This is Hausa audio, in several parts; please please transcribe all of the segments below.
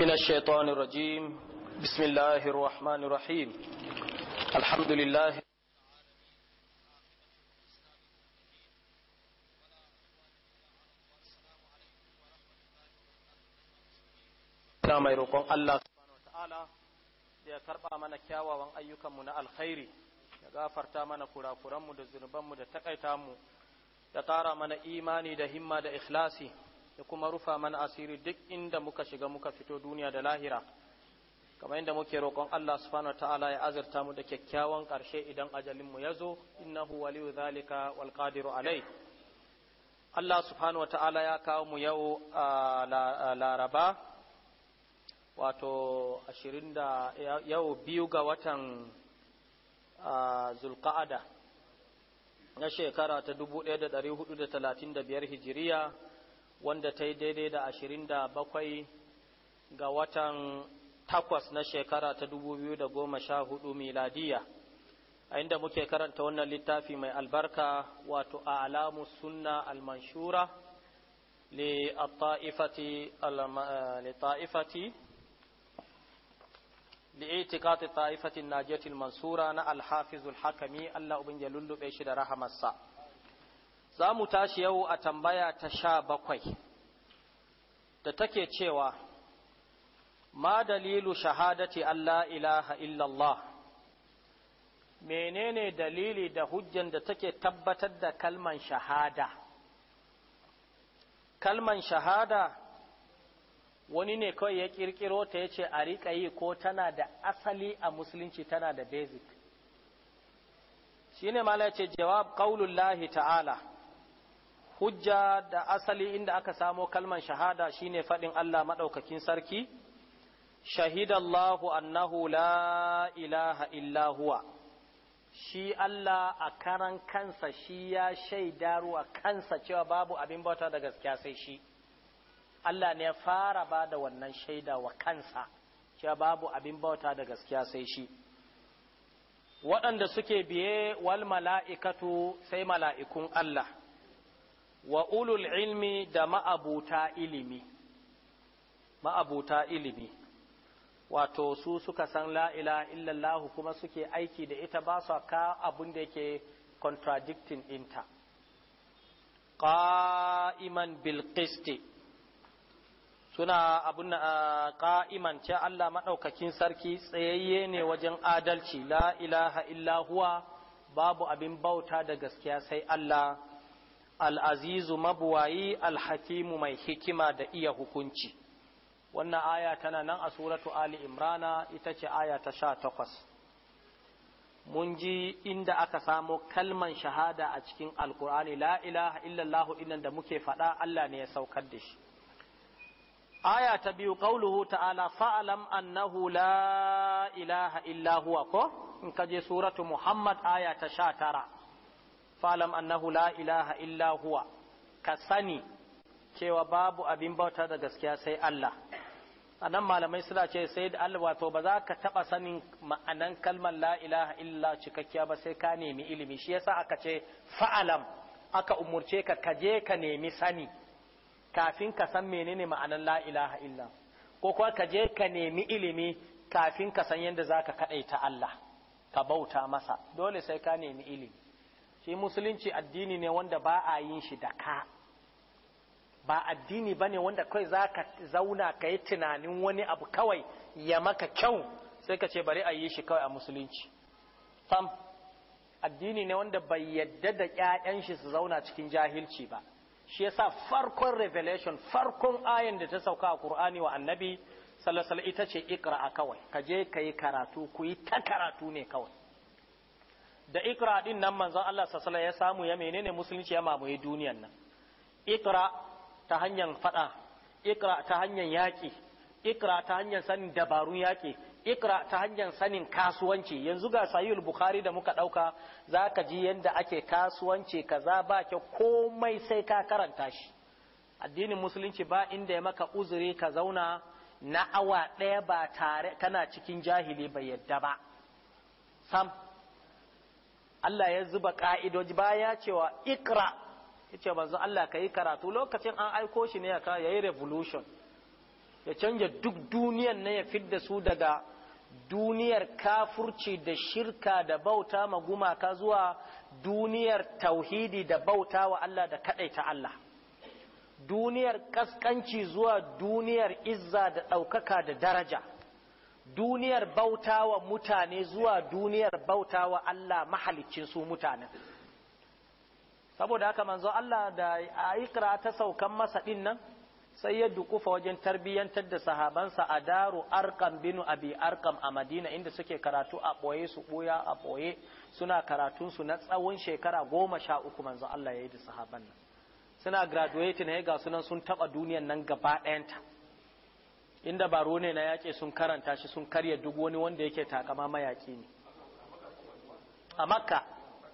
من الشيطان الرجيم بسم الله الرحمن الرحيم الحمد لله na mai roƙon Allah subhanahu wata'ala da ya karɓa mana kyawawan ayyukanmu na alkhairi ya gafarta mana kurakuranmu da zunubanmu da takaita mu ya ƙara mana imani da himma da ikhlasi da kuma rufa mana asiri duk inda muka shiga muka fito duniya da lahira kamar inda muke roƙon Allah subhanahu ta'ala ya azurta mu da kyakkyawan ƙarshe idan ajalin mu yazo innahu waliyu zalika wal qadiru alai Allah subhanahu ta'ala ya kawo mu yau a Laraba wato 20 da yau biyu ga watan Zulqa'ada na shekara ta 1435 hijiriya wanda ta yi daidai da ashirin da bakwai ga watan takwas na shekara ta dubu biyu da goma sha hudu miladiya a inda muke karanta wannan littafi mai albarka wato a alamu sunna almanshura لطائفتي لإعتقاد طائفة الناجية المنصورة نا الحافظ الحكمي الله أبن يلل بيش za mu tashi yau a tambaya ta sha bakwai da take cewa ma dalilu shahadati Allah ilaha illallah menene dalili da hujjan da take tabbatar da kalman shahada kalman shahada wani ne kawai ya kirkiro ta ya ce a riƙa yi ko tana da asali a musulunci tana da basic shi ne ce jawab ƙaunullahi ta'ala hujja da asali inda aka samo kalman shahada shine faɗin Allah maɗaukakin sarki shahidallahu annahu la ilaha illa huwa shi Allah a karan kansa shi ya shaidaru a kansa cewa babu abin bauta da gaskiya sai shi Allah ne ya fara ba da wannan shaida wa kansa cewa babu abin bauta da gaskiya sai shi waɗanda suke biye wal mala'ikatu sai mala'ikun Allah wa ulul ilmi da ma'abuta ilimi ma'abuta ilimi wato su suka san la'ila illallahu kuma suke aiki da ita ba su ka abin da yake contradicting inta ƙa'iman bilkisti suna abin ƙa'iman ce Allah maɗaukakin sarki tsayayye ne wajen adalci la'ilaha illahuwa babu abin bauta da gaskiya sai Allah al'azizu mabuwayi alhakimu mai hikima da iya hukunci wannan aya tana nan a suratu ali imrana ita ce aya ta sha takwas mun ji inda aka samo kalman shahada a cikin alkur'ani la ilaha illallahu inan da muke faɗa allah ne ya saukar da shi aya ta biyu ƙauluhu ta'ala fa'alam annahu la ilaha illahuwa ko in ka je suratu muhammad aya ta sha tara falam annahu la ilaha illa huwa ka sani cewa babu abin bauta da gaskiya sai Allah anan malamai suna ce sai da Allah wato ba za ka taba sanin ma'anan kalmar la ilaha illa cikakkiya ba sai ka nemi ilimi shi yasa aka ce fa'alam aka umurce ka ka je ka nemi sani kafin ka san menene ma'anan la ilaha illa ko kuwa ka je ka nemi ilimi kafin ka san yadda zaka kadaita Allah ka bauta masa dole sai ka nemi ilimi shi musulunci addini ne wanda ba a yin shi da ka ba addini ba wanda kai za ka zauna ka yi tunanin wani abu kawai ya maka kyau sai ka ce bari a yi shi kawai a musulunci Fam addini ne wanda bai yadda da 'ya'yan shi su zauna cikin jahilci ba shi yasa farkon revelation farkon ayan da ta sauka a Qur'ani wa Annabi sallallahu alaihi ita ce ikra kawai ka je kai karatu ku yi ta karatu ne kawai da ikra din nan manzon Allah sallallahu ya samu ya menene musulunci ya mamaye duniyar nan ikra ta hanyar fada ikra ta hanyar yaki ikra ta hanyar sanin dabarun yaki ikra ta hanyar sanin kasuwanci yanzu ga sahihul bukhari da muka dauka zaka ji yanda ake kasuwanci kaza ba ke komai sai ka karanta shi addinin musulunci ba inda ya maka uzuri ka zauna na awa ɗaya ba tare kana cikin jahili bai yadda ba sam Allah ya zuba ka'idoji baya cewa ikra ce manzo Allah ka yi karatu lokacin an aiko shi ne ya ya yi revolution ya canja duk duniyar na ya fidda su daga duniyar kafurci da shirka da bauta ma gumaka zuwa duniyar tauhidi da bauta wa Allah da ta Allah duniyar kaskanci zuwa duniyar izza da ɗaukaka da daraja duniyar bautawa mutane zuwa duniyar bautawa Allah mahalicin su mutane saboda haka manzo Allah da aikra ta saukan masa din nan sai ya dukufa wajen tarbiyyantar da sahabansa a daru arkam binu abi arkam a madina inda suke karatu a boye su ɓuya a ɓoye suna karatunsu na tsawon shekara goma sha uku manzo Allah ya yi da sahaban nan suna graduating ne ga sunan sun taɓa duniyar nan gaba ɗayanta inda baro ne na yaƙi sun karanta shi sun karya duk wani wanda yake takama mayaƙi ne a makka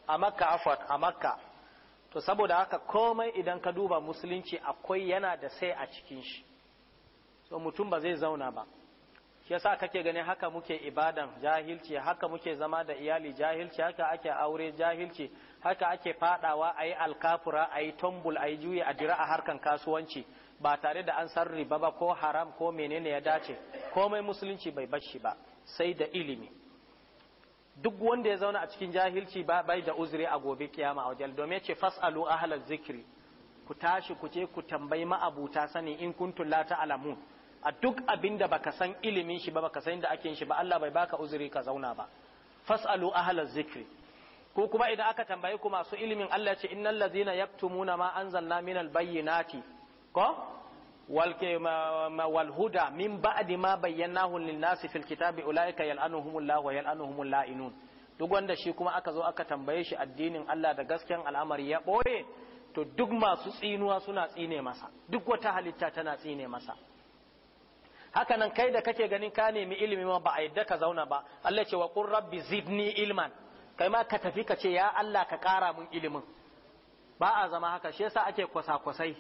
a makka afon a makka to saboda haka komai idan ka duba musulunci akwai yana da sai a cikin shi so mutum ba zai zauna ba shi yasa kake ganin haka muke ibadan jahilci haka muke zama da iyali jahilci haka ake aure jahilci haka ake fadawa ayi alkafura ayi tumbul ayi juye a dira a harkan kasuwanci ba tare da an san riba ba ko haram ko menene ya dace komai musulunci bai bashi ba sai da ilimi duk wanda ya zauna a cikin jahilci ba bai da uzuri a gobe kiyama a wajen domin ce fasalu ahlal zikri ku tashi ku ce ku tambayi ma'abuta sani in kuntum la ta'lamun a duk abin da baka san ilimin shi ba baka san da ake shi ba Allah bai baka uzuri ka zauna ba fasalu halar zikri ko kuma idan aka tambaye ku masu ilimin Allah ce innal ladhina yaktumuna ma anzalna minal bayyinati ko walke wal huda min ba'di ma bayyanahu lin nasi fil kitabi ulaika yal'anuhumullahu wa yal'anuhumul la'inun duk wanda shi kuma aka zo aka tambaye shi addinin Allah da gaskiyan al'amari ya boye to duk masu tsinuwa suna tsine masa duk wata halitta tana tsine masa haka nan kai da kake ganin ka nemi ilimi ma ba a yadda ka zauna ba Allah ce wa qur rabbi zidni ilman kai ma ka tafi ka ce ya Allah ka kara mun ilimin ba a zama haka shi yasa ake kwasa-kwasai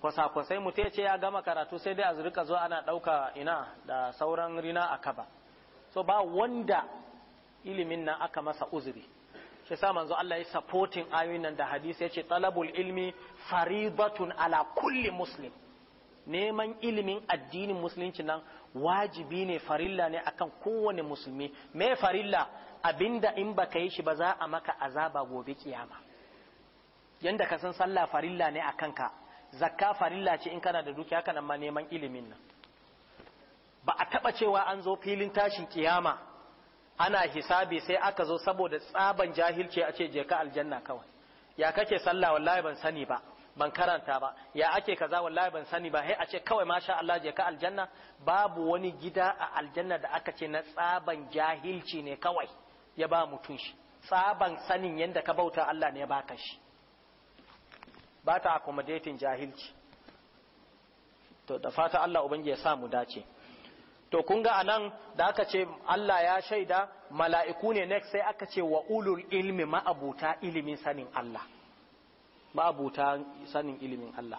kwasa-kwasai mu ce ya gama karatu sai dai a zurika zuwa ana ɗauka ina da sauran rina a kaba so ba wanda ilimin nan aka masa uzuri shi sa manzo Allah ya supporting ayoyin nan da hadisi ya ce talabul ilmi faridatun ala kulli muslim neman ilimin addinin musulunci nan wajibi ne farilla ne akan kowane musulmi me farilla abinda in baka yi shi ba za a maka azaba gobe kiyama yanda ka san sallah farilla ne akan ka zakka farilla ce in kana da dukiya kana ma neman ilimin nan ba a taba cewa an zo filin tashin kiyama ana hisabi sai aka zo saboda tsaban jahilci a ce je ka aljanna kawai ya kake sallah wallahi ban sani ba ban karanta ba ya ake kaza wallahi ban sani ba sai a ce kawai masha Allah je ka aljanna babu wani gida a aljanna da aka ce na tsaban jahilci ne kawai ya ba mutun shi tsaban sanin yadda ka bauta Allah ne ya baka shi ba ta accommodating jahilci to da fata Allah ubangi ya sa mu dace to kun ga anan da aka ce Allah ya shaida mala'iku ne next sai aka ce wa ulul ilmi ma'abuta ilimin sanin Allah ma'abuta sanin ilimin Allah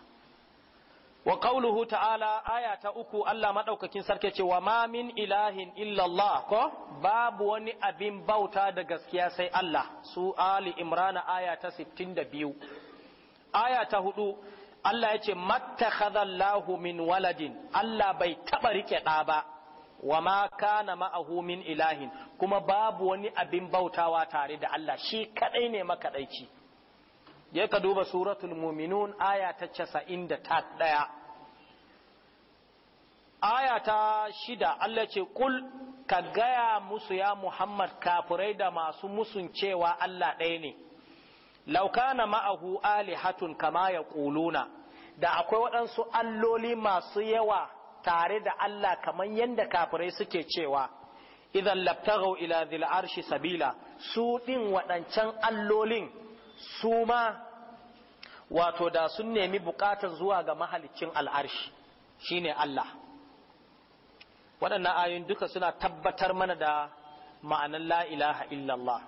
wa qawluhu ta'ala aya ta uku Allah madaukakin sarki ce wa ma min ilahin illallah ko babu wani abin bauta da gaskiya sai Allah su ali imrana aya ta 62 aya ta hudu Allah ya ce mattakhadallahu min waladin Allah bai taba rike da ba wa ma kana ma'ahu min ilahin kuma babu wani abin bautawa tare da Allah shi kadai ne makadaici ya ka duba suratul muminun aya ta casa'in da ta ɗaya aya ta shida Allah ce kul ka gaya musu ya muhammad kafurai da masu musun cewa Allah ɗaya ne laukana ma'ahu alihatun kama ya ƙuluna da akwai waɗansu alloli masu yawa tare da Allah kamar yadda kafirai suke cewa idan labtagau ila zil'arshi sabila su ɗin waɗancan allolin su ma wato da sun nemi bukatar zuwa ga mahalicin al'arshi ne Allah waɗannan ayoyin duka suna tabbatar mana da ma'anan la'ilaha illallah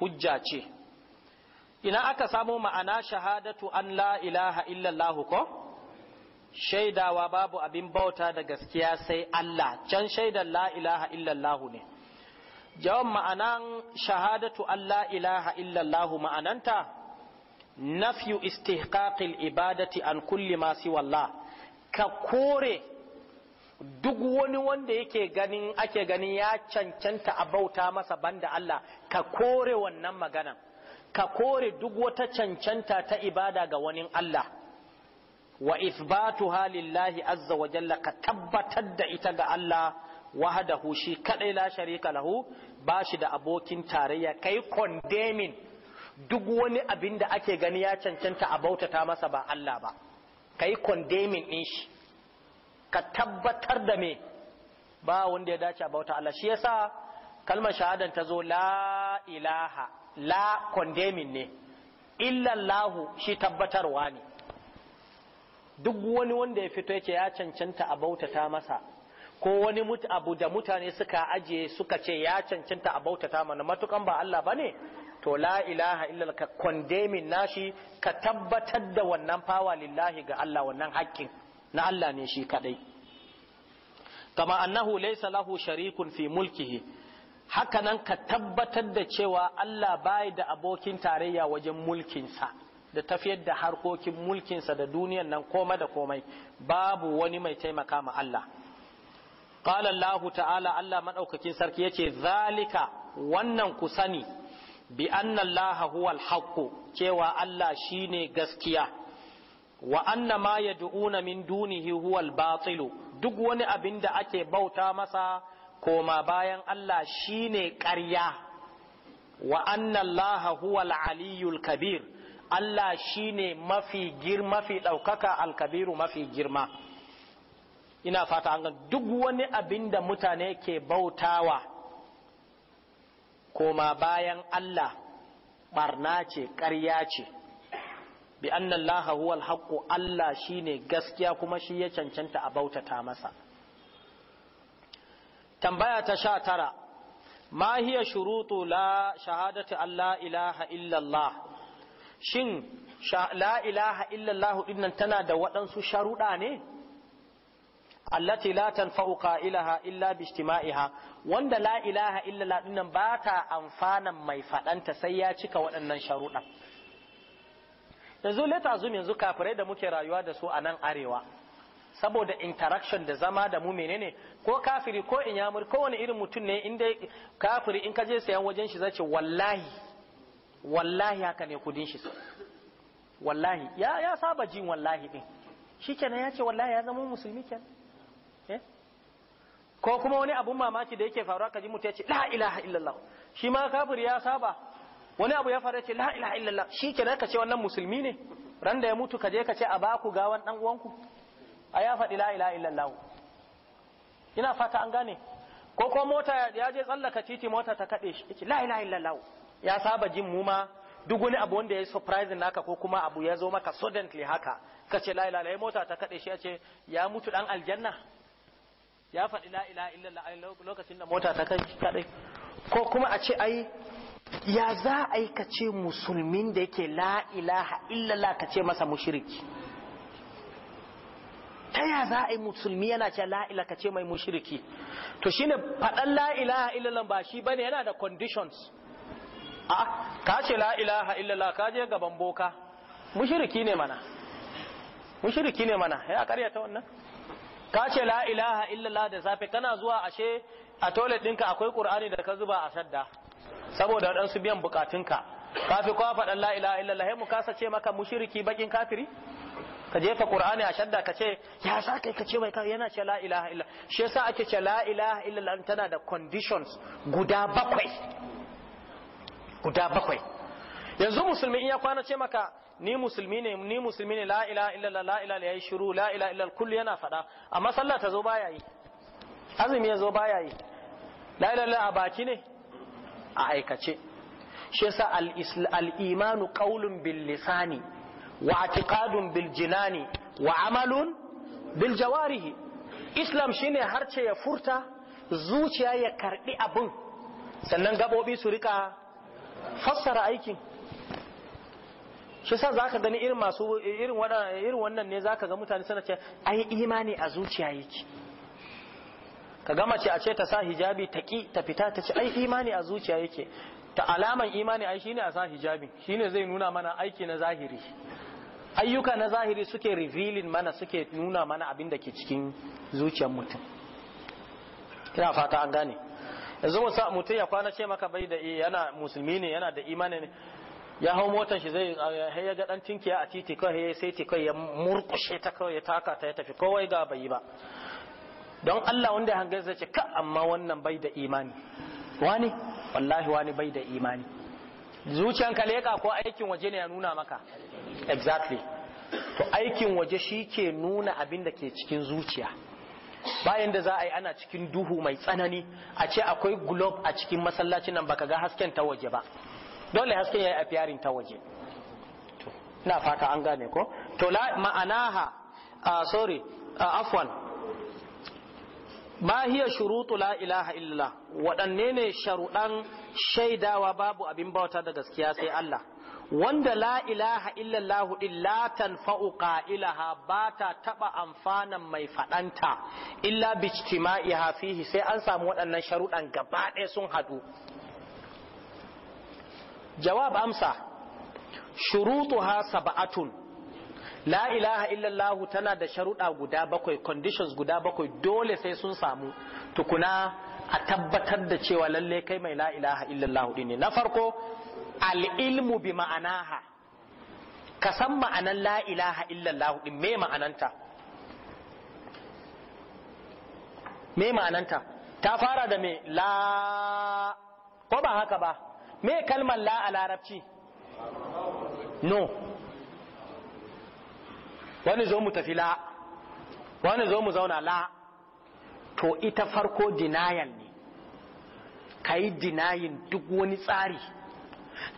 hujja ce ina aka samu ma'ana shahadatu an la'ilaha illallah ko shaidawa babu abin bauta da gaskiya sai Allah can shaidar la'ilaha illallah ne jawan ma'anan shahadatu an la'ilaha illallah ma'ananta nafyu istihqaqil ibadati an kulli ma wallah ka kore duk wani wanda yake ganin ake ganin ya cancanta a bauta masa banda Allah ka kore wannan maganan ka kore duk wata cancanta ta ibada ga wani Allah wa isbatuha halillahi azza wa jalla ka tabbatar da ita ga Allah wahdahu shi kadai la sharika lahu bashi da abokin tarayya kai condemning duk wani abin da ake gani ya cancanta a bautata masa ba Allah ba ka yi condemning ɗin shi ka tabbatar da me ba wanda ya dace a bauta Allah shi yasa kalmar shahadan ta zo la ilaha la condemning ne illallahu shi tabbatarwa ne duk wani wanda ya fito yake ya cancanta a bautata masa ko wani abu da mutane suka ajiye suka ce ya cancanta a bautata mana matukan ba Allah ba ne? to la ilaha illal ka condemning nashi ka tabbatar da wannan fawa lillahi ga Allah wannan haƙƙin na Allah ne shi kadai kama annahu laysa lahu sharikun fi mulkihi hakanan ka tabbatar da cewa Allah bai da abokin tarayya wajen sa da tafiyar da harkokin mulkinsa da duniyan nan koma da komai babu wani mai taimaka ma Allah qala Allah ta'ala Allah madaukakin sarki yace zalika wannan ku sani bi anna allaha huwal haqqu cewa Allah shine gaskiya wa anna ma yad'una min dunihi huwal batilu duk wani abin da ake bauta masa koma bayan Allah shine ƙarya wa anna allaha huwal aliyul kabir Allah shine mafi girma mafi ɗaukaka alkabiru mafi girma ina fata an duk wani abin da mutane ke bautawa koma bayan Allah barna ce ƙarya ce bi annan laha huwal haqqu Allah shine gaskiya kuma shi ya cancanta a bautata masa tambaya ta sha tara ma hiya shurutu la shahadati Allah ilaha illallah shin la ilaha illallah dinnan tana da waɗansu sharuɗa ne allati la tanfa'u qailaha illa bi ijtima'iha wanda la ilaha illa la dinnan ba ta amfanan mai fadanta sai ya cika waɗannan sharuɗan yanzu leta zum yanzu kafirai da muke rayuwa da su a nan arewa saboda interaction da zama da mu menene ko kafiri ko inyamur ko wani irin mutum ne inda kafiri in ka je sayan wajen shi zace wallahi wallahi haka ne kudin shi wallahi ya ya saba jin wallahi din shikenan ya ce wallahi ya zama musulmi kenan Eh? ko kuma wani abun mamaki da yake faruwa kaji mutum ya ce la ilaha illallah shi ma kafir ya saba wani abu ya faru ya ce la ilaha illallah shi kenan ka ce wannan musulmi ne ran da ya mutu ka je ka ce a baku gawan dan uwanku a ya faɗi la ilaha illallah ina fata an gane ko ko mota ya je tsallaka titi mota ta kaɗe shi ce la ilaha illallah ya saba jin mu ma duk wani abu wanda ya surprise naka ko kuma abu ya zo maka suddenly haka ce la ilaha illallah mota ta kaɗe shi ya ce ya mutu dan aljanna ya faɗi la ilaha illallah lokacin da mota ta kai kadai ko kuma a ce ai ya za a yi ka ce musulmin da yake la ilaha illallah ka ce masa mushriki ta ya za a yi musulmi yana ce la ilaha ka ce mai mushriki to shine faɗan la ilaha illallah ba shi bane yana da conditions a ka ce la ilaha illallah ka je gaban boka mushriki ne mana mushriki ne mana ya karyata wannan ka ce la ilaha illallah da safe kana zuwa ashe a toilet ɗinka akwai qur'ani da ka zuba a shadda saboda su biyan bukatunka ka fi kowa faɗan la ilaha illallah mu kasa ce maka mushiriki bakin kafiri ka jefa qur'ani a shadda ka ce ya sa kai ka ce mai yana ce la ilaha illallah shi yasa ake ce la ilaha illallah tana da conditions guda bakwai guda bakwai yanzu musulmi in ya kwana ce maka ni musulmi ne ni musulmi ne la ilaha illallah la ilaha yayi shiru la ilaha illallah kullu yana fada amma sallah ta zo baya yi azumi ya zo baya yi la ilaha illallah a baki ne a aikace shi yasa al-imanu qawlun bil lisani wa i'tiqadun bil jinani wa amalun bil jawarihi islam shine harce ya furta zuciya ya karbi abun sannan gabobi su rika fassara aikin shi sa ka gani irin masu irin wannan ne, za ka ga mutane suna ce yi imani a zuciya yake ka gama ce a ce ta sa hijabi ta ki ta fita ta ce yi imani a zuciya yake ta alaman imani shi shine a sa hijabi shine zai nuna mana aiki na zahiri ayyuka na zahiri suke revealing mana suke nuna mana abin da ke cikin zuciyar mutum ina fata an gane yanzu mutum ya kwana ce maka bai da yana musulmi ne yana da imani ne ya hau motar shi zai ya eh, ya ga dan tinkiya a titi kawai sai ti kawai ya murkushe ta kawai ya taka ta ya tafi kowai ga bai ba don Allah wanda hangar zai ce ka amma wannan bai da imani wani wallahi wani bai da imani Zuciyan ka leka ko aikin waje ne ya nuna maka exactly to aikin waje shi ke nuna abin da ke cikin zuciya bayan da za a yi ana cikin duhu mai tsanani a ce akwai globe a cikin masallacin nan baka ga hasken ta waje ba dole yi a fiyarin ta waje ina fata an gane ko to la ma'anaha uh, sorry afwan ma hiya shurutu la ilaha illallah waɗanne ne sharuɗan shaidawa babu abin bauta da gaskiya sai Allah wanda la ilaha illallahu illa tanfa'u qa'ilaha ba ta taba amfanan mai fadanta illa bijtima'iha fihi sai an samu waɗannan sharuɗan gaba ɗaya sun haɗu jawab amsa shuruɗu sab'atun la ilaha illallah tana da sharuɗa guda bakwai conditions guda bakwai dole sai sun samu tukuna a tabbatar da cewa lalle kai mai la ilaha illallah ne na farko al'ilmu bi ma'anaha ka san ma'anan la ilaha illallah me ma'ananta ta fara da me la ko ba haka ba me kalmar la a larabci no wani zo mu tafi la wani zo mu zauna la to ita farko dinayan ne ka yi dinayin duk wani tsari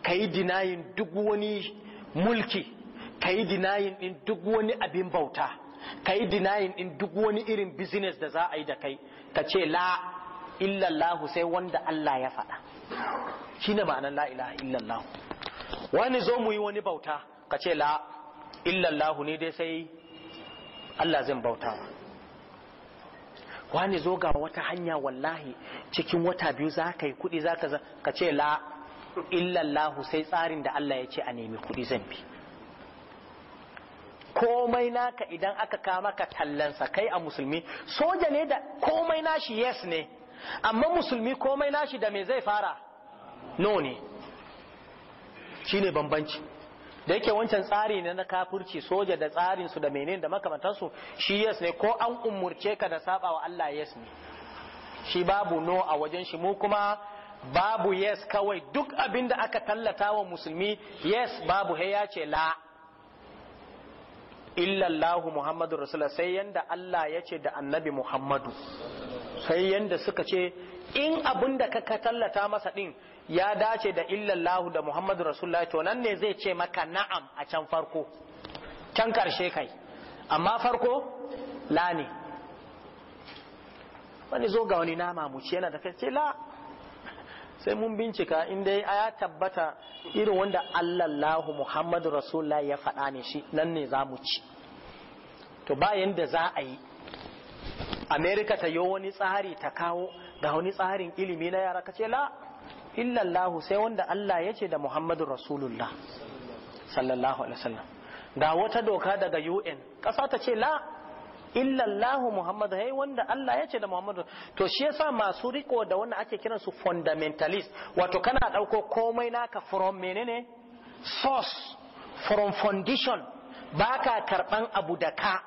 ka yi dinayin duk wani mulki ka yi dinayin din duk wani abin bauta ka yi dinayin din duk wani irin business da za a yi da kai ka ce la illallahu sai wanda Allah ya faɗa shine ma'anar la ilaha illallah wani zo mu yi wani bauta ka ce la illallah ne dai sai Allah zan bauta wani zo ga wata hanya wallahi cikin wata biyu za ka yi kudi za ka ka ce la illallahu sai tsarin da Allah ya ce a nemi kudi zan bi komai naka idan aka kama ka tallansa kai a musulmi soja ne da komai nashi yes ne amma musulmi komai nashi da me zai fara no ne bambanci da yake wancan tsari ne na kafirci soja da tsarinsu da menene da makamantansu shi yes ne ko an umurce ka da saba wa Allah yes ne shi babu no a wajen shi mu kuma babu yes kawai duk abinda aka tallata wa musulmi yes babu he ya ce la illallahu muhammadu rasulullah sai yanda Allah ya ce da annabi muhammadu sai yanda suka ce in abin da ka tallata masa din ya dace da illallahu da muhammadu rasulullah to nan ne zai ce maka na'am a can farko can karshe kai amma farko la ne wani zo ga wani nama mu yana da kai ce la sai mun bincika in dai ya tabbata irin wanda allallahu muhammadu rasulullah ya faɗa ne shi nan ne za mu ci to bayan da za a yi amerika ta yi wani tsari ta kawo Da wani tsarin ilimi na yara kace la illallahu sai wanda Allah ya ce da Muhammadu Rasulullah sallallahu alaihi wasallam Da wata doka daga UN ƙasa ta ce la illallahu Muhammadu hai wanda Allah ya ce da Muhammadu to shi yasa masu riko da wanda ake kiran su fundamentalist wato kana ɗauko komai naka from menene source from foundation baka karban abu da ka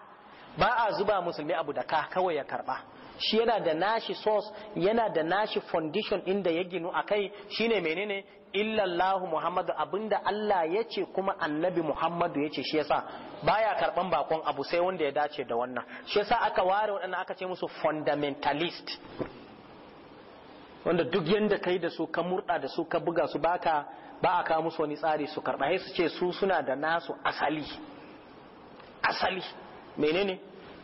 ba a zuba musulmi abu da ka kawai ya karba shi yana da nashi source yana da nashi foundation inda ya ginu a kai shine menene illallahu muhammadu abinda Allah ya ce kuma annabi muhammadu ya ce shi yasa baya karban bakon abu sai wanda ya dace da wannan shi yasa aka ware waɗannan aka ce musu fundamentalist wanda duk yadda kai da su ka murda da su ka buga su ka ba a kawo musu wani tsari su karɓa su ce su suna da nasu asali asali menene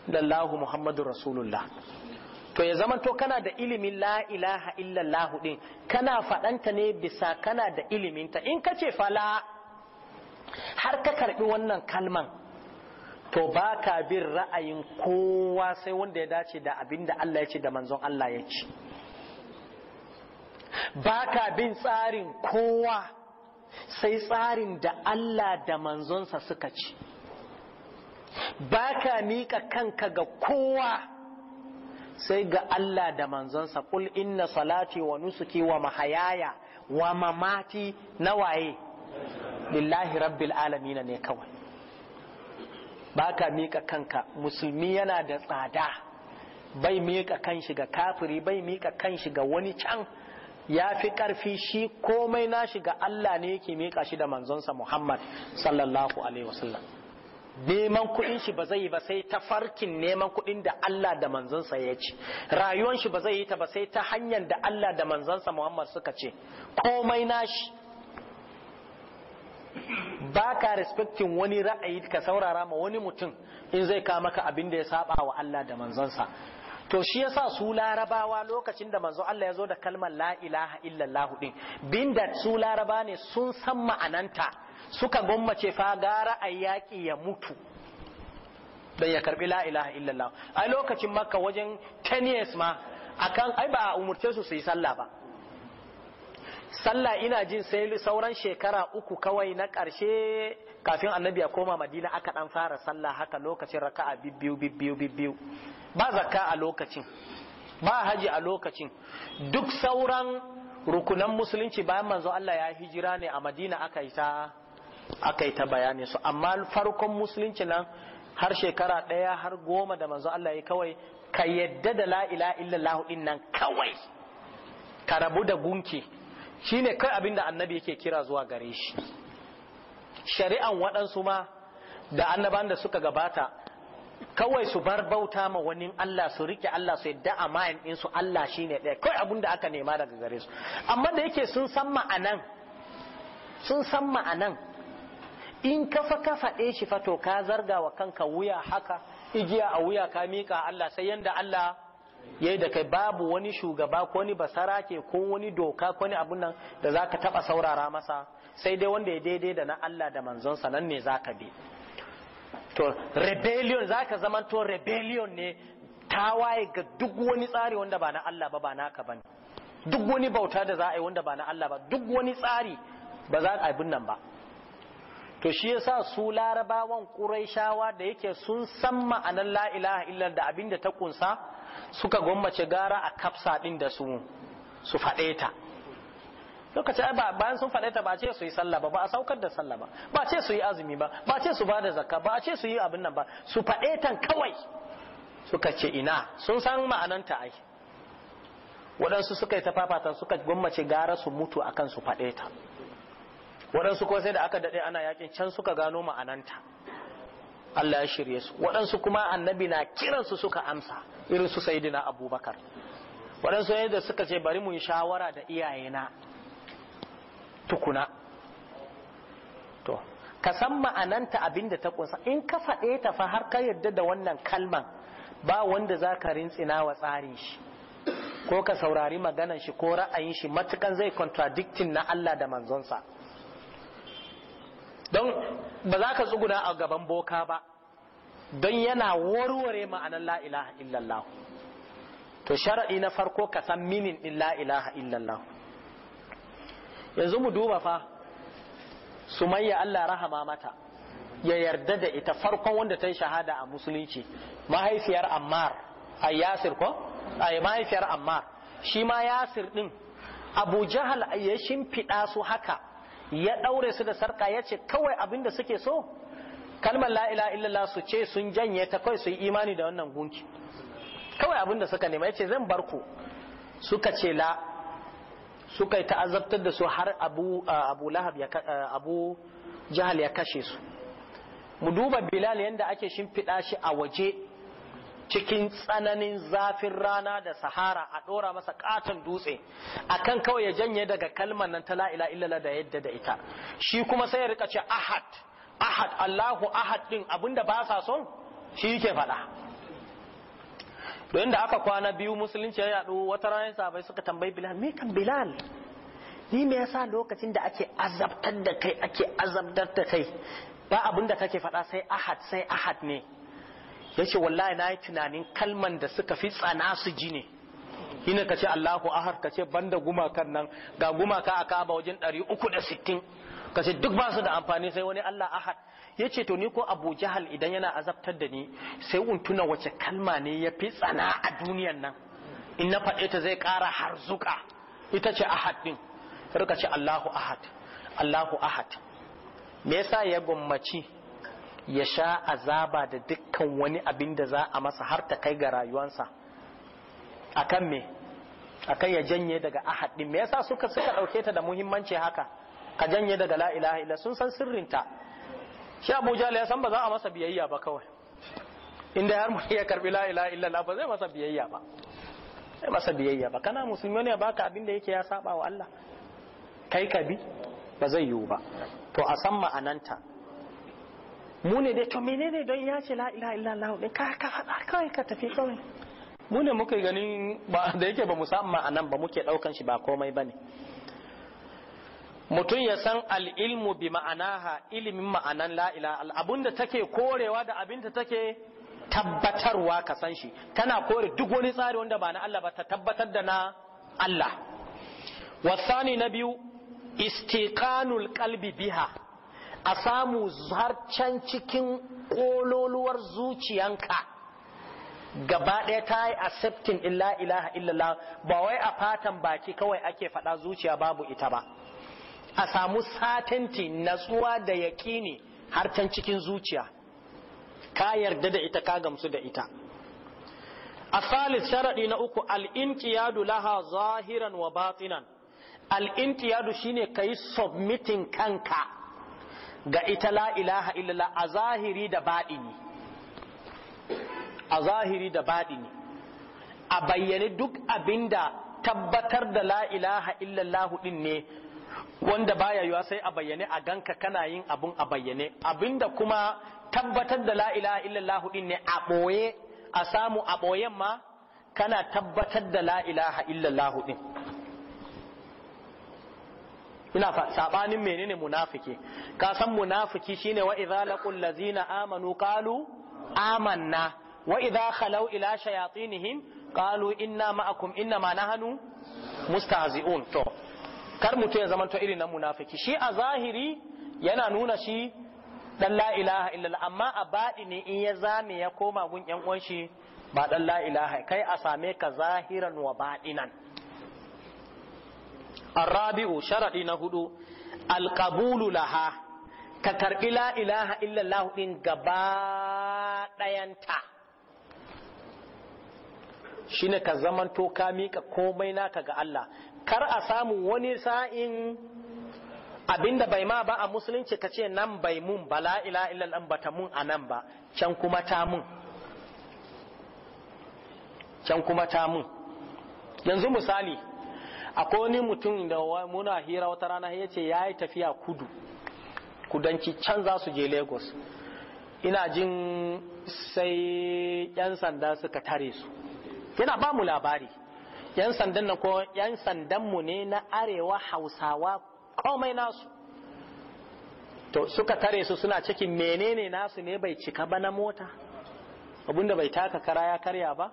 lallahu muhammadu rasulullah to ya zama to kana da ilimin la ilaha illallah din kana faɗanta ne bisa kana da iliminta in kace fala har ka karɓi wannan kalman to baka bin ra'ayin kowa sai wanda ya dace da abinda da Allah ya ce da manzon Allah ya ce ba bin tsarin kowa sai tsarin da Allah da manzonsa suka ci Baka mika kanka ga kowa sai ga Allah da manzonsa kul inna salati wa nusuki wa mahayaya wa mamati na waye lillahi rabbil alamin ne kawai baka mika kanka musulmi yana da tsada bai mika kanshi ga kafiri bai mika kanshi ga wani can ya fi ƙarfi shi komai nashi ga Allah ne yake mika shi da manzonsa Muhammad sallallahu alaihi wasallam neman kuɗin shi ba zai yi ba sai ta farkin neman kuɗin da Allah da manzansa ya ci rayuwar shi ba zai yi ta ba sai ta hanyar da Allah da manzansa Muhammad suka ce komai nashi ba ka respectin wani ra'ayi ka saurara ma wani mutum in zai ka maka abin da ya saba wa Allah da manzansa to shi yasa su larabawa lokacin da manzo Allah ya zo da kalmar la ilaha illallah din binda su laraba ne sun san ma'ananta suka gwammace fa gara a yaƙi ya mutu dan ya karbi la ilaha illallah ai lokacin makka wajen 10 years ma akan ai ba umurce su su yi sallah ba sallah ina jin sai sauran shekara uku kawai na ƙarshe kafin annabi ya koma madina aka ɗan fara sallah haka lokacin raka'a bibbiyu bibbiyu bibbiyu ba zakka a lokacin ba haji a lokacin duk sauran rukunan musulunci bayan manzo Allah ya hijira ne a madina aka yi ta aka yi bayani su amma farkon musulunci nan har shekara ɗaya har goma da manzo Allah ya kawai ka yadda da la ilaha illallah innan kawai ka rabu da gunki Shi ne kai abin da annabi yake kira zuwa gare shi shari'an waɗansu ma da annaban da suka gabata kawai su bar bauta ma wani Allah su rike Allah su yadda a mayan ɗinsu Allah shi ne ɗaya kai abin da aka nema daga gare su amma da yake sun san ma'anan sun san ma'anan in kafa ka faɗe shi fa to ka zarga wa kanka wuya haka igiya a wuya ka miƙa Allah sai yanda Allah yayi da kai babu wani shugaba ko wani basara ke ko wani doka ko wani abun nan da zaka taba saurara masa sai dai wanda ya daidai da na Allah da manzonsa nan ne zaka bi to rebellion zaka zama to rebellion ne ta waye ga duk wani tsari wanda ba na Allah ba ba naka bane duk wani bauta da za a yi wanda ba na Allah ba duk wani tsari ba za a abin nan ba to shi yasa su larabawan shawa da yake sun san ma'anar la ilaha illar da abin da ta kunsa suka gwammace gara a kafsa din da su su faɗe ta lokacin ba bayan sun faɗe ta ba ce su yi sallah ba a saukar da sallah ba ce su yi azumi ba ba ce su bada zakka ba ce su yi abin nan ba su faɗe ta kawai suka ce ina sun san ma'ananta ai waɗansu suka yi ta suka gwammace gara su mutu akan su faɗe ta waɗansu ko sai da aka daɗe ana yakin can suka gano ma'ananta Allah ya shirye su waɗansu kuma annabi na kiransu suka amsa irin su sayidina abubakar waɗansu yadda suka ce bari mu yi shawara da iyayena tukuna to ka san ma'ananta abin da ta ƙunsa in ka faɗe ta fa har ka yarda da wannan kalman ba wanda za ka rintsina wa tsarin shi ko ka saurari maganan shi ko ra'ayin shi matukan zai contradicting na Allah da manzonsa don ba za ka tsuguna a gaban boka ba don yana warware ma'anar la ilaha illallah to sharaɗi na farko ka san minin ɗin la ilaha illallah yanzu mu duba fa sumayya Allah rahama mata ya yarda da ita farkon wanda ta yi shahada a musulunci mahaifiyar ammar a yasir ko a mahaifiyar ammar shi ma yasir din abu jahal ya shimfiɗa su haka ya ɗaure su da sarka ya ce kawai abinda suke so kalmar la ilaha illallah su ce sun janye ta kai su yi imani da wannan gunki kawai abin da suka nema yace zan bar ku suka ce la suka yi ta'azzabtar da su har abu abu lahab ya abu jahal ya kashe su mu duba bilal yanda ake shimfiɗa shi a waje cikin tsananin zafin rana da sahara a ɗora masa ƙaton dutse akan kawai ya janye daga kalmar nan ta la ila illallah da yadda da ita shi kuma sai ya rika ce ahad ahad Allahu ahad din abinda ba sa son shi yake faɗa don da aka kwana biyu musulunci ya yaɗu wata ranar sabai suka tambayi bilal me kan bilal ni me yasa lokacin da ake azabtar da kai ake azabtar da kai ba abin da kake faɗa sai ahad sai ahad ne ya ce wallahi na yi tunanin kalman da suka fi tsana su ji ne ina ka ce allahu ahad ka ce banda gumakan nan ga gumaka a kaba wajen ɗari uku da sittin kace duk ba su da amfani sai wani Allah ahad Ya ce to ni ko Abu Jahal idan yana azabtar da ni sai in tuna wace kalma ne ya fi tsana a duniyan nan in na faɗe ta zai ƙara harzuka ita ce ahad din rika ce Allahu ahad Allahu ahad me yasa ya gwammaci ya sha azaba da dukkan wani abin da za a masa har ta kai ga rayuwansa akan me akan ya janye daga ahad ɗin. me yasa suka suka ɗauke ta da muhimmanci haka ka janye daga la ilaha illa sun san sirrinta shi Abu Jahl ya san ba za a masa biyayya ba kawai inda har mutum ya karbi la ilaha illa ba zai masa biyayya ba zai masa biyayya ba kana musulmi ne baka abin da yake ya saba wa Allah kai ka bi ba zai yiwu ba to a san ma'ananta mu ne dai to menene don ya ce la ilaha illa Allah ne ka ka fada kawai ka tafi kawai mu ne muka ganin ba da yake ba mu san ma'anan ba muke daukan shi ba komai bane mutum ya san al'ilmu bi ma'anaha ilimin ma'anan la'ila abinda take korewa da abinda take tabbatarwa ka san shi tana kore duk wani tsari wanda ba na Allah ba ta tabbatar da na Allah wasani na biyu istikanul kalbi biha a samu zarcen cikin kololuwar zuciyanka gaba ɗaya ta yi accepting illa ilaha illallah ba wai a fatan baki kawai ake faɗa zuciya babu ita ba a samu satanti natsuwa da yaƙini har can cikin zuciya ka yarda da ita ka gamsu da ita A na uku, الثالث شرعي نأكو الانقياد لها ظاهرا وباطنا الانقياد ka yi submitting kanka ga ita la ilaha illallah a zahiri da baɗini a zahiri da baɗini a bayyane duk abinda tabbatar da la ilaha illallah din ne wanda baya yiwa sai a bayyane a ganka kana yin abun a bayyane abinda kuma tabbatar da la illallah ne a boye a samu a boyen ma kana tabbatar da la ilaha illallah ina fa sabanin menene munafiki ka san munafiki shine wa idza laqul ladzina amanu qalu amanna wa idza khalau ila shayatinihim qalu inna ma'akum inna ma nahnu mustahzi'un to kar mutum ya zamanto irin na munafiki shi a zahiri yana nuna shi dan la ilaha illallah amma a baɗi ne in ya zame ya koma gun yan uwan shi ba dan la ilaha kai a same ka zahiran wa baɗinan arabi'u sharadi na hudu alqabulu laha ka karbi la ilaha illallah din gaba dayanta shine ka zamanto ka mika komai naka ga Allah kar a samu wani sa'in abinda bai ma ba a musulunci ka ce nan bai mun ba la ila illa bata mun a nan ba can kuma ta mun can kuma ta mun yanzu misali akwai wani mutum da muna hira wata rana ya ce ya yi tafiya kudu kudanci can za su je lagos ina jin sai 'yan sanda suka tare su yana ba mu labari yan sandan na ko yan sandan mu ne na arewa hausawa komai nasu to suka tare su suna cikin menene nasu ne bai cika ba na mota abinda bai taka kara ya karya ba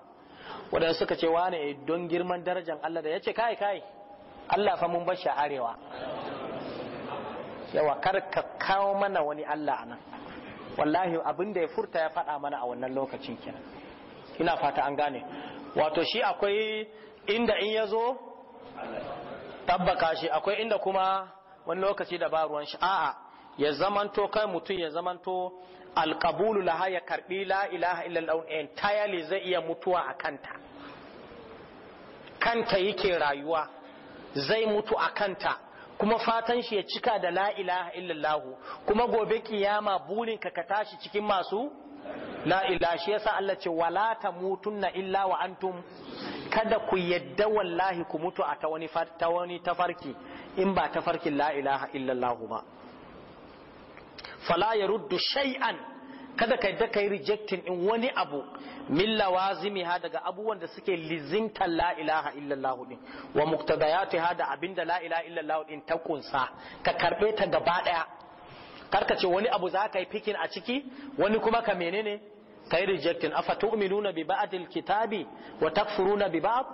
wadanda suka ce wane don girman darajar Allah da ya ce kai kai Allah fa mun bashi arewa yawa kar ka kawo mana wani Allah anan wallahi abin da ya furta ya faɗa mana a wannan lokacin kenan ina fata an gane wato shi akwai inda in ya zo tabbaka shi akwai inda kuma wani lokaci da ba ruwan shi a'a ya zamanto kai mutum ya zamanto alkabulu laha ya karbi la ilaha illallah entirely zai iya mutuwa a kanta kanta yake rayuwa zai mutu a kanta kuma fatan shi ya cika da la ilaha illallah kuma gobe kiyama burin ka ka tashi cikin masu la ila shi yasa Allah ce wala tamutunna illa wa antum kada ku yadda wallahi ku mutu a ta wani tafarki in ba tafarkin la ilaha ba fala yaruddu shay'an kada ka yadda kai rejecting in wani abu min ha daga abubuwan da suke lizintan la ilaha illallah din wa ha da abinda la ilaha din ta kunsa ka karbe ta gaba daya ce wani abu za ka yi fikin a ciki wani kuma ka menene ka yi rejectin afa tu'minuna bi ba'dil kitabi wa takfuruna bi ba'd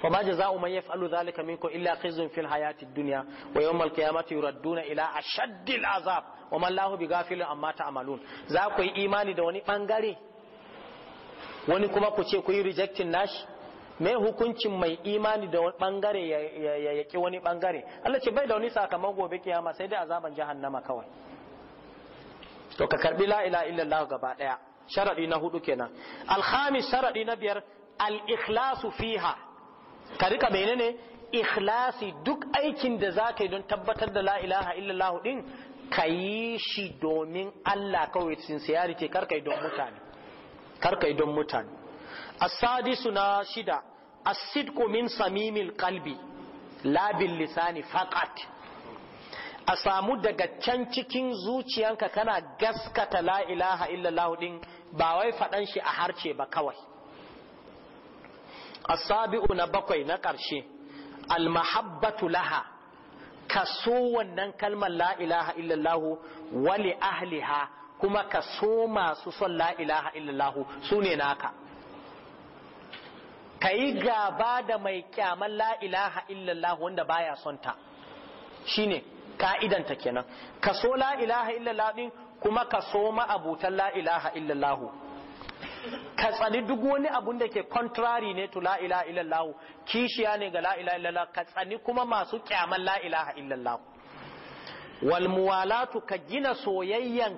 fa ma jazaa'u man yaf'alu dhalika minkum illa khizyun fil hayati dunya wa yawm al qiyamati yuradduna ila ashaddil azab wa man lahu bighafilun amma ta'malun za ku yi imani da wani bangare wani kuma ku ce ku yi rejectin nashi me hukuncin mai imani da wani bangare ya yaki wani bangare Allah ce bai da wani sakamakon gobe kiyama sai dai azaban jahannama kawai to ka karbi la ilaha illallah gaba daya sharadi na hudu kenan alhamis sharadi na biyar al-ikhlasu fiha ka rika menene ikhlasi duk aikin da zaka yi don tabbatar da la ilaha illallah din ka yi shi domin Allah kawai sincerity kar ka yi don mutane kar ka yi don mutane as-sadisu na shida as-sidqu min samimil qalbi la bil lisani faqat a samu daga can cikin zuciyanka kana gaskata la ilaha illallah din ba wai faɗan shi a harce ba kawai asabi'u na bakwai na ƙarshe almahabbatu laha kaso wannan kalmar la ilaha illallah wali ahliha kuma kaso masu son la ilaha illallah su naka ka gaba da mai kyaman la ilaha illallah wanda baya son ta shine ka'idanta kenan kaso la ilaha illallah din kuma kaso ma abutan la ilaha illallah ka tsani duk wani abun da ke contrary ne to la ilaha illallah kishiya ne ga la ilaha illallah ka tsani kuma masu kyaman la ilaha illallah wal muwalatu ka gina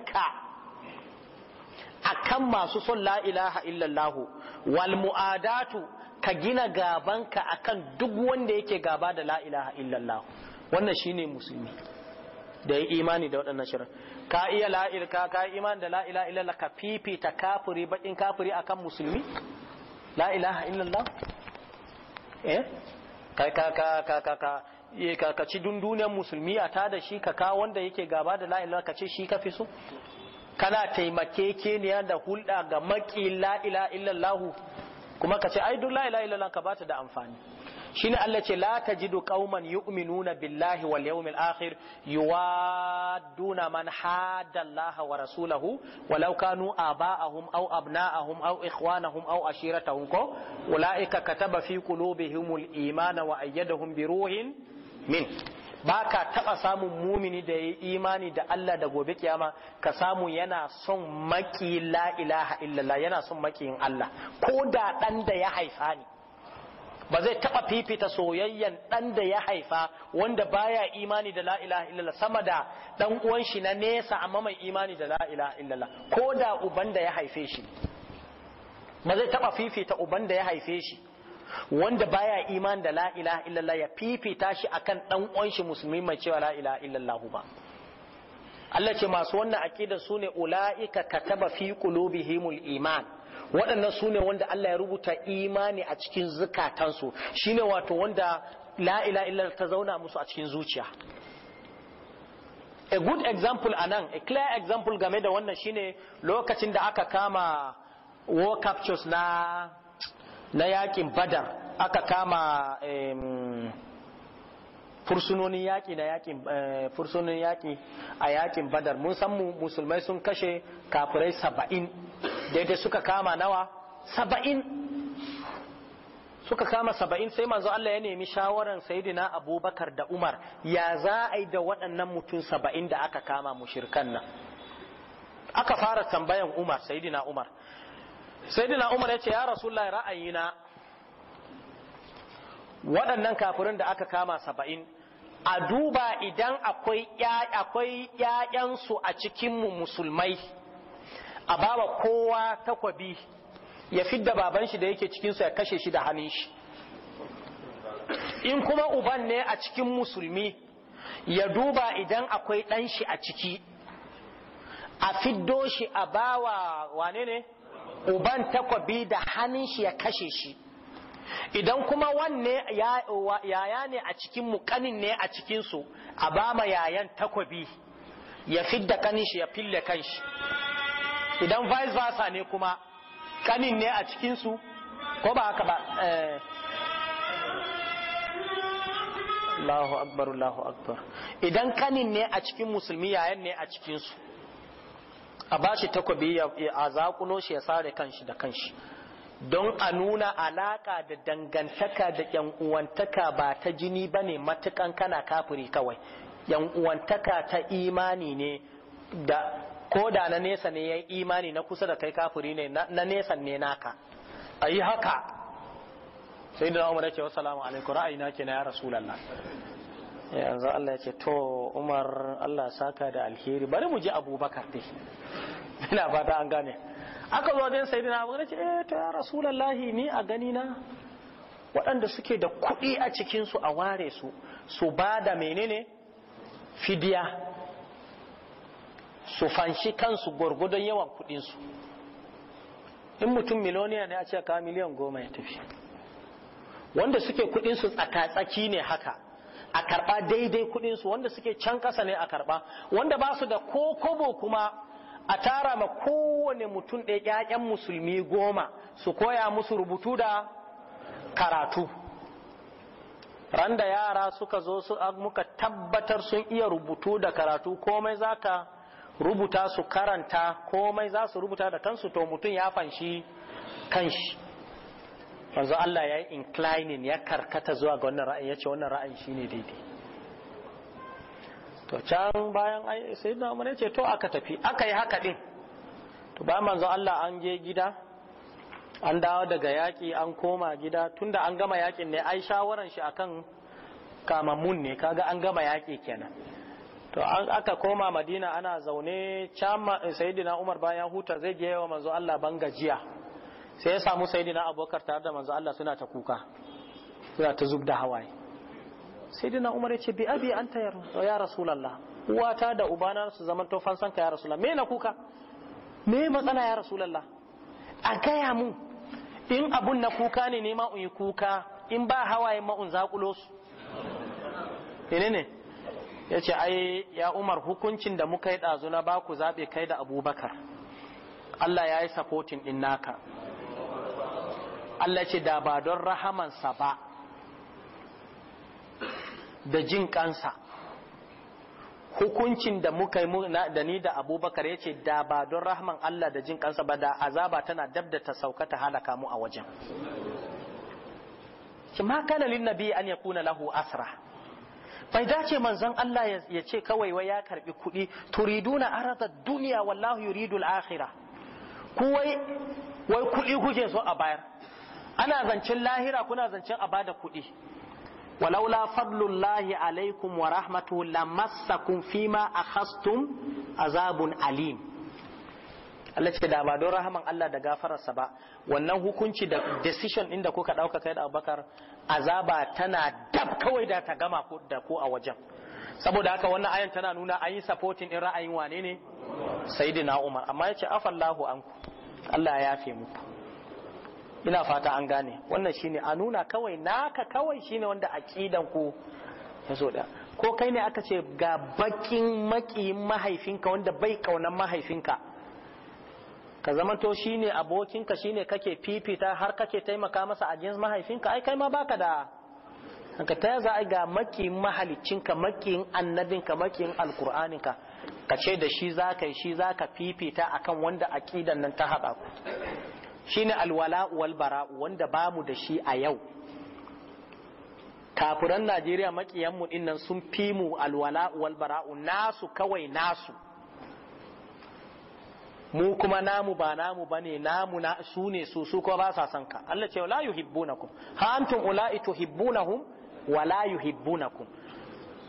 ka akan masu son la ilaha illallah wal muadatu ka gina gabanka akan duk wanda yake gaba da la ilaha illallah wannan shine musulmi da ya imani da waɗannan shirin ka iya la'ilka ka ka imani da la'ila illallah ka fifita kafiri bakin kafiri akan musulmi la'ilaha illallah eh ka ka ka ka ka ka ka ka ci dunduniyar musulmi a tada shi ka ka wanda yake gaba da la'ila ka ce shi ka fi so kana taimake keniya da hulɗa ga maki la'ila illallah kuma ka ce ai duk la'ila illallah ka bata da amfani shine Allah ce la tajidu qauman yu'minuna billahi wal yawmil akhir yuwadduna man hadda Allah wa rasulahu walau kanu aba'ahum aw abna'ahum aw ikhwanahum aw ashiratahum ko ulaika kataba fi qulubihimul imana wa ayyadahum bi ruhin min ba ka taɓa samun mumini da ya yi imani da Allah da gobe kiyama ka samu yana son maki la ilaha illallah yana son makiyin Allah ko da ɗan da ya haifa ni ba zai taba fifita soyayyan dan da ya haifa wanda baya imani da la ilaha illallah sama da dan uwan shi na nesa amma mai imani da la ilaha illallah ko da uban da ya haife shi ba zai taba fifita uban da ya haife shi wanda baya imani da la ilaha illallah ya fifita shi akan dan uwan shi musulmi mai cewa la ilaha illallah ba Allah ce masu wannan aqida sune ulaika kataba fi qulubihimul iman waɗannan su ne wanda Allah ya rubuta imani a cikin zukatansu shine wato wanda la ila ta zauna musu a cikin zuciya a good example a nan a clear example game da wannan shine lokacin da aka kama war captures na na yakin badar aka kama fursunonin yaƙi na yaƙin eh, fursunonin yaƙi a yaƙin badar mun san musulmai sun kashe kafirai saba'in daidai suka kama nawa saba'in suka kama saba'in sai manzo Allah ya nemi shawaran sayidina abubakar da umar ya za a yi da waɗannan mutum saba'in da aka kama mushirkan nan aka fara tambayan umar sayidina umar sayidina umar ya ce ya rasulullahi ra'ayina waɗannan kafirin da aka kama saba'in a duba idan akwai ‘ya'yansu a cikinmu musulmai a bawa kowa takwabi ya fidda baban shi da yake cikinsa ya kashe shi da hannun shi in kuma uban ne a cikin musulmi ya duba idan akwai ɗan shi a ciki a fiddo shi a bawa wane ne uban takwabi da hannun shi ya kashe shi idan kuma wanne yaya ne a cikin mukanin ne a cikinsu a bama yayan takwabi ya fidda kanin shi ya fille kanshi idan vice versa ne kuma kanin ne a cikinsu ko ba haka ba eh. Allahu akbar Allahu akbar idan kanin ne a cikin musulmi yayan ne a cikinsu a bashi takobi a zakulo shi ya sare kanshi da kanshi don a nuna alaka da dangantaka da yan uwantaka ba ta jini ba ne matukan kana kafiri kawai yan uwantaka ta imani ne da ko da na nesa ne ya imani na kusa da kai kafuri ne na nesa ne naka a yi haka sai da umar yake wasu alaiku ra'ayi na ke na ya rasulallah yanzu Allah ya ce to umar Allah saka da alheri bari mu ji abubakar dai ina fata an gane aka zo din sai dina abubakar ce eh to ya rasulallahi ni a gani na waɗanda suke da kuɗi a cikinsu a ware su su ba da menene fidiya su fanshi kansu gwargwadon yawan kuɗinsu in mutum miloniya ne a ce ka miliyan goma ya tafi wanda suke kuɗinsu tsaka-tsaki ne haka a karɓa daidai kuɗinsu wanda suke can kasa ne a karba wanda ba su da ko kobo kuma a tara ma kowane mutum ɗaya ƴaƴan musulmi goma su koya musu rubutu da karatu randa yara suka zo su muka tabbatar sun iya rubutu da karatu komai zaka rubuta su karanta komai za su rubuta da kansu to mutum ya fanshi kanshi manzo Allah ya yi inclining ya karkata zuwa ga wannan ra'ayi ya ce wannan ra'ayi shine daidai to can bayan sai da ya ce to aka tafi aka yi haka din to bayan manzo Allah an je gida an dawo daga yaƙi an koma gida tunda an gama yaƙin ne ai shawaran shi akan kamammun ne kaga an gama yaƙi kenan to an aka koma madina ana zaune chama eh, sayyidina umar bayan huta zai je wa manzo Allah ban gajiya sai ya samu sayyidina abubakar tare da manzo Allah suna ta kuka suna ta zub da hawaye sayyidina umar ya ce bi abi anta ya rasulullah uwata da ubana su zaman to fansan ka ya rasulullah me na kuka me matsala ya rasulullah a gaya mu in abun na kuka ne ne ma in yi kuka in ba hawaye ma un zakulo su ne ne ya ce ai ya umar hukuncin da muka yi ɗazu na ba ku zaɓe kai da abubakar Allah ya yi sapotin ɗin naka Allah ce da ba don rahamansa ba da jin ƙansa. hukuncin da muka yi da ni da abubakar ya ce da ba don rahman Allah da jin ƙansa ba da azaba tana dab da ta sauka ta halaka mu a wajen. Ki ma kana lin nabi an yakuna lahu asra bai dace manzon Allah ya ce kawai wai ya karbi kuɗi turiduna arada duniya wallahu yuridu al-akhirah ku wai wai kuɗi kuke so a bayar ana zancen lahira kuna zancen a bada kuɗi walaula fadlullahi alaikum wa rahmatuhu lamassakum fima akhastum azabun alim Allah ce da ba don rahaman Allah da gafararsa ba wannan hukunci da decision inda kuka dauka kai da Abubakar azaba tana dab kawai da ta gama ko da ko a wajen saboda haka wannan ayan tana nuna ayi supporting din ra'ayin wane ne sayyidina Umar amma yace afallahu anku Allah ya yafe muku ina fata an gane wannan shine a nuna kawai naka kawai shine wanda aqidan ku yazo da ko kai ne aka ce ga bakin makiyin mahaifinka wanda bai kaunan mahaifinka ka zamanto shine abokinka shine kake fifita har kake taimaka masa a jins mahaifinka ai kai ma baka da ka ta za a ga makin mahalicinka makin annabinka makin alkur'aninka ka ce da shi za ka yi shi za ka fifita akan wanda aƙidan nan ta haɗa ku shi ne alwala wal bara'u wanda bamu da shi a yau Kafuran najeriya makiyanmu mu sun fi mu alwala wal bara'u nasu kawai nasu mu kuma namu ba namu bane namu na su ne su su ko ba sa son ka Allah ce la yuhibbunakum ha antum ula'i tuhibbunahum wa la yuhibbunakum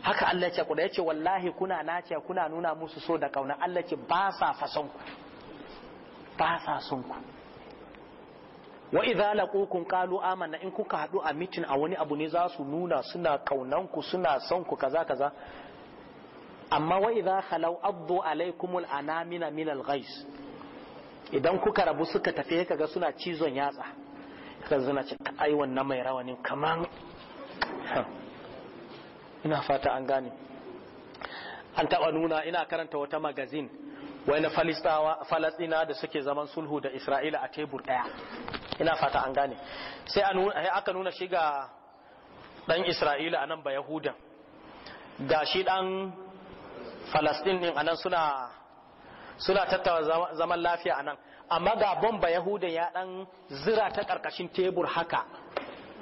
haka Allah ce ku da yace wallahi kuna nace kuna nuna musu so da kauna Allah ce ba sa fason ku ba sa son ku wa idza laqukum qalu amanna in kuka hadu a mitin a wani abu ne za su nuna suna kaunan ku suna son ku kaza kaza amma wa idza khalau addu alaikumul anamina min alghais idan kuka rabu suka tafi kaga suna cizon yatsa kan zuna ce ai wannan mai rawani kaman ina fata an gane an taba nuna ina karanta wata magazin wai na falastina da suke zaman sulhu da isra'ila a tebur daya ina fata an gane sai aka nuna shi ga dan isra'ila anan ba yahudan ga shi dan falastin din anan suna suna tattawa zaman lafiya anan amma ga bomba yahuda ya dan zira ta karkashin tebur haka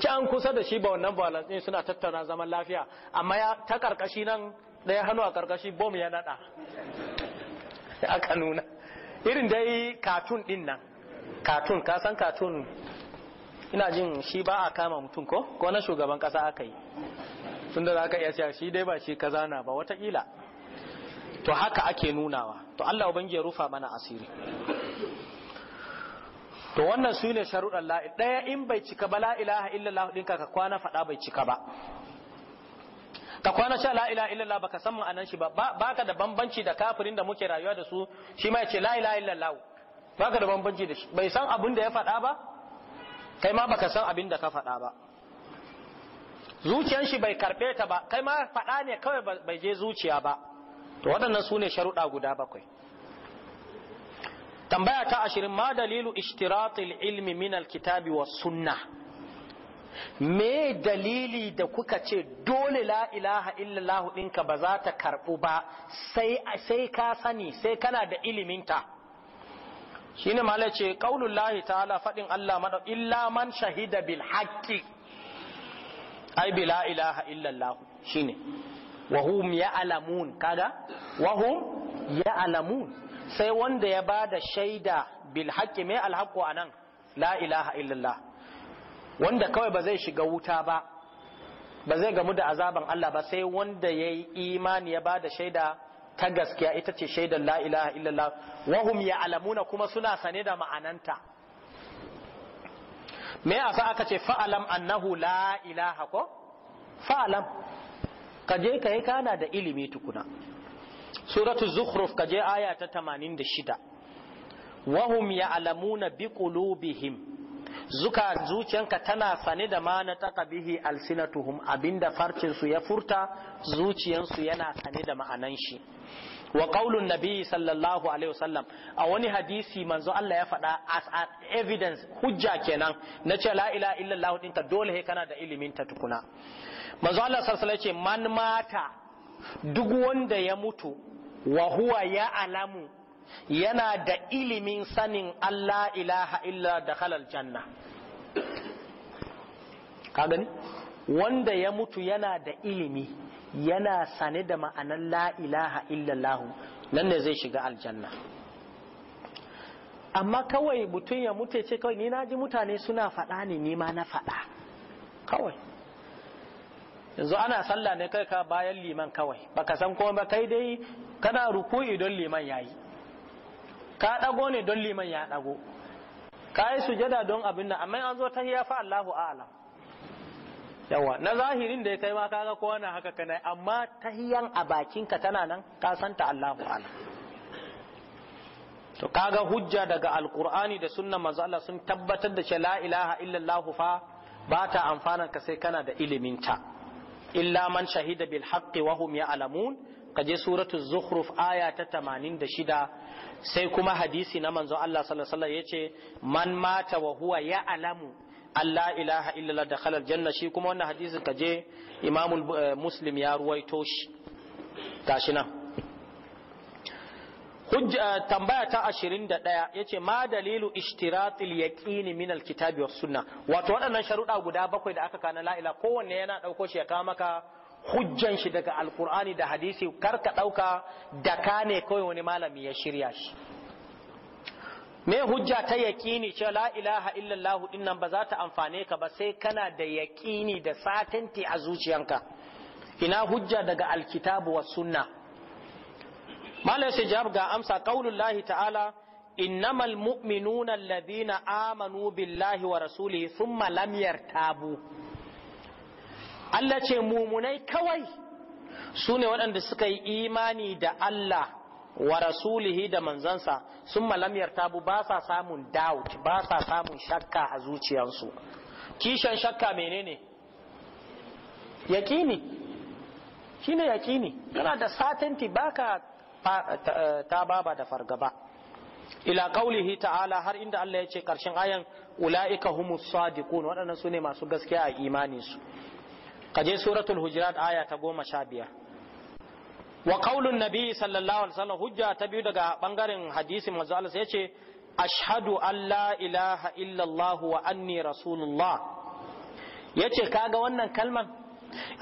can kusa da shi ba wannan falastin suna tattauna zaman lafiya amma ya ta karkashi nan daya hannu a karkashi bom ya nada aka nuna irin dai katun din nan katun ka san katun ina jin shi ba a kama mutum ko ko na shugaban kasa aka yi tunda za ka iya cewa shi dai ba shi kaza na ba watakila to haka ake nunawa to Allah ubangi ya rufa mana asiri to wannan su ne sharuɗan la'i ɗaya in bai cika ba la'ilaha illallah ɗinka ka kwana faɗa bai cika ba ka kwana sha la'ilaha illallah baka san ma'anan shi ba baka da bambanci da kafirin da muke rayuwa da su shi ma ya ce la'ilaha illallah baka da bambanci da shi bai san abin da ya faɗa ba kai ma baka san abin da ka faɗa ba zuciyan shi bai karɓe ta ba kai ma faɗa ne kawai bai je zuciya ba to waɗannan su ne sharuɗa guda bakwai tambaya ta ashirin ma dalilu ishtiratil ilmi min alkitabi wa sunna me dalili da kuka ce dole la ilaha illallah ɗinka ba za ta karɓu ba sai ka sani sai kana da iliminta shine mala ce ta'ala faɗin Allah maɗa illa man shahida bil hakki. ai bi la ilaha illallah shine wa hum ya'lamun kaga wahum ya ya'lamun sai wanda ya ba da shaida bil haqqi mai alhaƙo anan la ilaha illallah wanda kawai ba zai shiga wuta ba ba zai gamu da azaban Allah ba sai wanda yayi imani ya bada shaida ta gaskiya ita ce shaidar la ilaha illallah wa ya alamuna kuma suna sane da ma'ananta me yasa aka ce fa'alam annahu la ilaha ko fa'alam ka je ka yi kana da ilimi tukuna suratu zukhruf ka je aya ta 86 wahum ya'lamuna bi qulubihim zuka zuciyanka tana sane da ma na taka bihi alsinatuhum abinda farcinsu ya furta zuciyansu yana sane da ma'anan shi wa qaulun nabi sallallahu alaihi wasallam a wani hadisi manzo Allah ya faɗa as an evidence hujja kenan na ce la ilaha illallah dinka dole he kana da ilimin ta tukuna manzo Allah sarsala ce man mata duk wanda ya mutu wa huwa ya alamu yana da ilimin sanin Allah ilaha illa da halal janna ka wanda ya mutu yana da ilimi yana sane da ma'anar la ilaha illallahu nan ne zai shiga aljanna amma kawai mutum ya mutu ya ce kawai ni na ji mutane suna faɗa ne ni ma na faɗa kawai yanzu ana sallah ne kai ka bayan liman kawai baka san komai ba kai dai kana ruku'i don liman yayi ka dago ne don liman ya dago ka yi sujada don abin nan amma an zo ta hiya fa Allahu a'lam yawa na zahirin da ya kai ma kaga kowa na haka kana amma tahiyan a bakin ka tana nan ka santa Allahu a'lam to kaga hujja daga alqur'ani da sunna manzo Allah sun tabbatar da cewa la ilaha illallah fa ba ta amfanan ka sai kana da ilimin ta illa man shahida bil haqqi wa hum ya'lamun kaje suratu zukhruf aya ta 86 sai kuma hadisi na manzon Allah sallallahu alaihi yace man mata wa huwa ya'lamu Allah ilaha illallah da khalal janna shi kuma wannan hadisi kaje imamul eh, muslim ya ruwaito shi gashi nan Eh, tambaya ta 21 yace ma dalilu ishtiratil yaqini min alkitabi was sunna wato waɗannan sharuɗa guda bakwai da aka kana la ila kowanne yana ɗauko shi ya kawo maka hujjan shi daga alqur'ani da hadisi kar ka dauka da ka ne wani malami ya shirya shi me hujja ta yaqini cewa la ilaha illallah dinnan ba za ta amfane ka ba sai kana da yaqini da satanti a zuciyanka ina hujja daga alkitabu was sunna malam sai jawab ga amsa qaulullahi ta'ala innamal mu'minuna alladhina amanu billahi wa rasulihi thumma lam yartabu Allah ce mumunai kawai su ne waɗanda suka yi imani da Allah wa rasulihi da manzansa sun malamiyar tabu ba sa samun doubt ba sa samun shakka a zuciyarsu kishan shakka menene yakini shine yakini kana da satanti baka ta baba da fargaba ila qaulihi ta'ala har inda Allah ya ce karshen ayan ulaika humus sadiqun waɗannan sune masu gaskiya a imanin su kaje suratul hujurat aya ta goma sha biyar wa qaulun sallallahu alaihi wasallam hujja ta biyu daga bangaren hadisi manzo Allah ya ce ashhadu an la ilaha illallah wa anni rasulullah yace kaga wannan kalman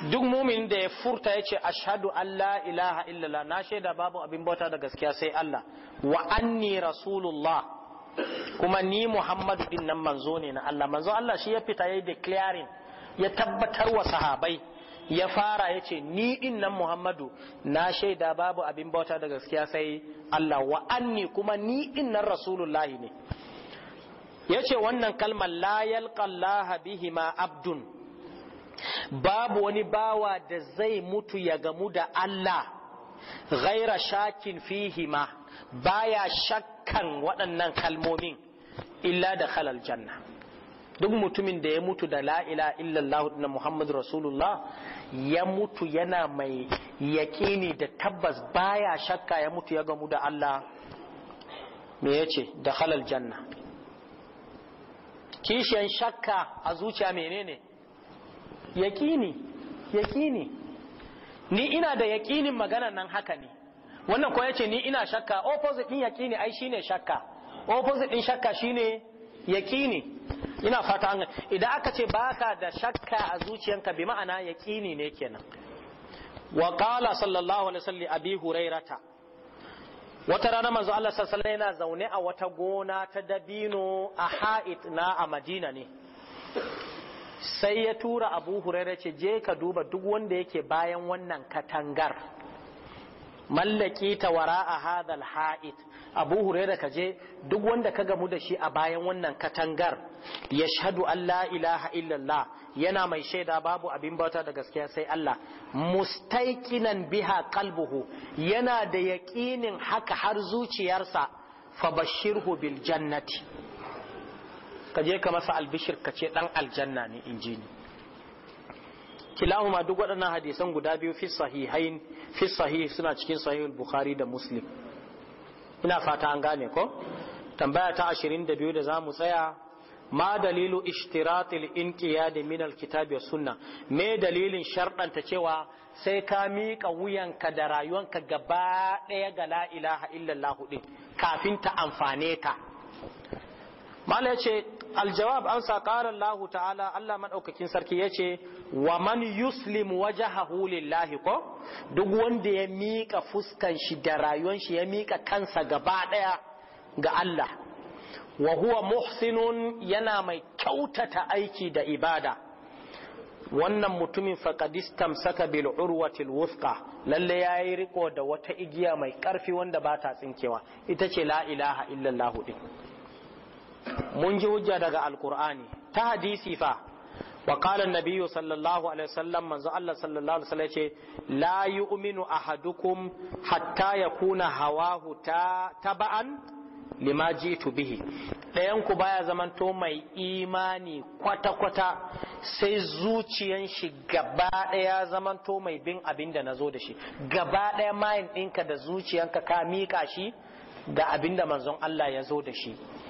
duk mumin da ya furta ya ce ashadu Allah ilaha illallah na shaida babu abin bauta da gaskiya sai Allah wa anni rasulullah kuma ni Muhammadu din nan manzo ne na Allah manzo Allah shi ya fita ya yi declaring ya tabbatar wa sahabai ya fara ya ce ni din nan Muhammadu na shaida babu abin bauta da gaskiya sai Allah wa anni kuma ni din nan rasulullahi ne yace wannan kalmar la yalqa bihima abdun babu wani bawa da zai mutu ya gamu da Allah ghaira shakin fihi fihima baya shakkan waɗannan kalmomin illa da halal janna duk mutumin da ya mutu da la illallah na muhammadu rasulullah ya mutu yana mai yaƙini da tabbas baya shakka ya mutu ya gamu da Allah me ya da halal janna kishiyan shakka a zuciya menene ne yaƙini yaƙini ni ina da yaƙinin maganan nan haka ne wannan ko yace ni ina shakka opposite din yaƙini ai shine shakka opposite din shakka shine yaƙini ina fata an idan aka ce baka da shakka a zuciyanka bi ma'ana yaƙini ne kenan wa qala sallallahu alaihi wasallam abi hurairata wata rana manzo Allah sallallahu alaihi yana zaune a wata gona ta dabino a ha'it na a Madina ne sai ya tura abu hurairar ce je ka duba duk wanda yake bayan wannan katangar mallaki ta wara a hadal ha'id abu hurairar ka je duk wanda ka gamu da shi a bayan wannan katangar ya shaɗu Allah ilaha illallah yana mai shaida babu abin bauta da gaskiya sai Allah mustaikinan biha kalbuhu yana da yaƙinin haka har zuciyarsa fa bashirhu bil jannati ka je ka masa albishir ka ce dan aljanna ne in ji ni kilahuma duk waɗannan hadisan guda biyu fi sahihain suna cikin sahihun bukhari da muslim ina fata an gane ko tambaya ta 22 da zamu tsaya ma dalilu ishtiratil inkiya da alkitabi was sunna me dalilin sharɗanta cewa sai ka miƙa wuyanka da rayuwanka gaba ɗaya ga la ilaha illallah din kafin ta amfane ka mala yace aljawab an sa ƙarar lahu ta'ala Allah maɗaukakin sarki ya ce wa man yuslim wajahahu lillahi ko duk wanda ya mika fuskan shi da rayuwan shi ya mika kansa gaba ɗaya ga Allah wa huwa muhsinun yana mai kyautata aiki da ibada wannan mutumin faqadistam saka bil urwatil wuthqa lalle yayi riko da wata igiya mai ƙarfi wanda ba ta tsinkewa ita ce la ilaha illallah din mun ji hujja daga alkur'ani ta hadisi fa wa qala an sallallahu alaihi wasallam manzo Allah sallallahu alaihi wasallam ce la yu'minu ahadukum hatta yakuna hawahu ta taban lima jitu bihi dayan ku baya zamanto mai imani kwata kwata sai zuciyan shi gaba daya zamanto mai bin abinda nazo da shi gaba daya mayin ɗinka da zuciyanka ka mika shi da abinda manzon Allah ya zo da shi